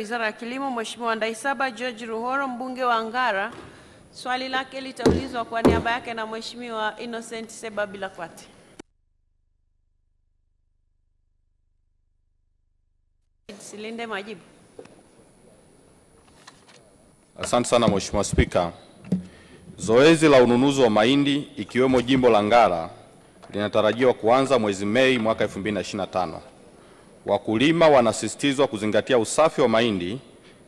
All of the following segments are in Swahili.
Wizara ya Kilimo, Mheshimiwa Ndaisaba George Ruhoro, mbunge wa Ngara, swali lake litaulizwa kwa niaba yake na Mheshimiwa Innocent Seba Bilakwati. Silinde majibu. Asante sana Mheshimiwa Spika. Zoezi la ununuzi wa mahindi ikiwemo jimbo la Ngara linatarajiwa kuanza mwezi Mei mwaka 2025 wakulima wanasisitizwa kuzingatia usafi wa mahindi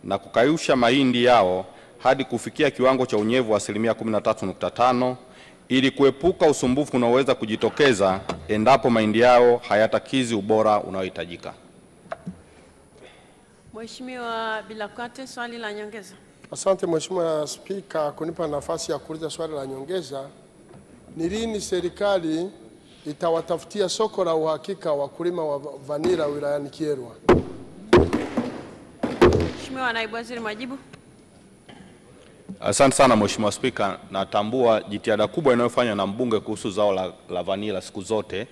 na kukausha mahindi yao hadi kufikia kiwango cha unyevu wa asilimia 13.5 ili kuepuka usumbufu unaoweza kujitokeza endapo mahindi yao hayatakizi ubora unaohitajika. Mheshimiwa Bilakate, swali la nyongeza. Asante Mheshimiwa Spika kunipa nafasi ya kuuliza swali la nyongeza. Ni lini serikali itawatafutia soko la uhakika wakulima wa vanila wilayani Kyerwa. Mheshimiwa Naibu Waziri, majibu. Asante sana Mheshimiwa Spika, natambua jitihada kubwa inayofanywa na mbunge kuhusu zao la, la vanila siku zote,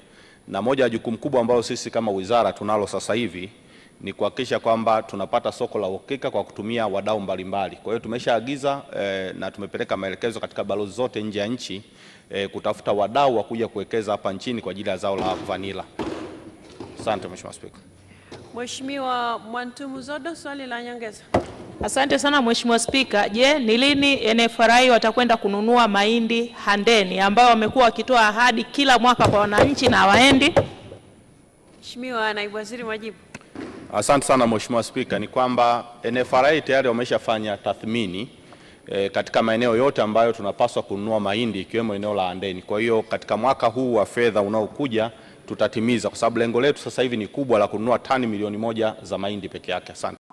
na moja ya jukumu kubwa ambalo sisi kama wizara tunalo sasa hivi ni kuhakikisha kwamba tunapata soko la uhakika kwa kutumia wadau mbalimbali. Kwa hiyo tumeshaagiza e, na tumepeleka maelekezo katika balozi zote nje ya nchi e, kutafuta wadau wa kuja kuwekeza hapa nchini kwa ajili ya zao la vanila. Asante Mheshimiwa Spika. Mheshimiwa Mwantumu Zodo, swali la nyongeza. Asante sana Mheshimiwa Spika. Je, ni lini nfri watakwenda kununua mahindi Handeni ambayo wamekuwa wakitoa ahadi kila mwaka kwa wananchi na hawaendi? Mheshimiwa Naibu Waziri, majibu. Asante sana Mheshimiwa Spika, ni kwamba NFRA tayari wameshafanya tathmini e, katika maeneo yote ambayo tunapaswa kununua mahindi ikiwemo eneo la Andeni. Kwa hiyo katika mwaka huu wa fedha unaokuja tutatimiza, kwa sababu lengo letu sasa hivi ni kubwa la kununua tani milioni moja za mahindi peke yake. Asante.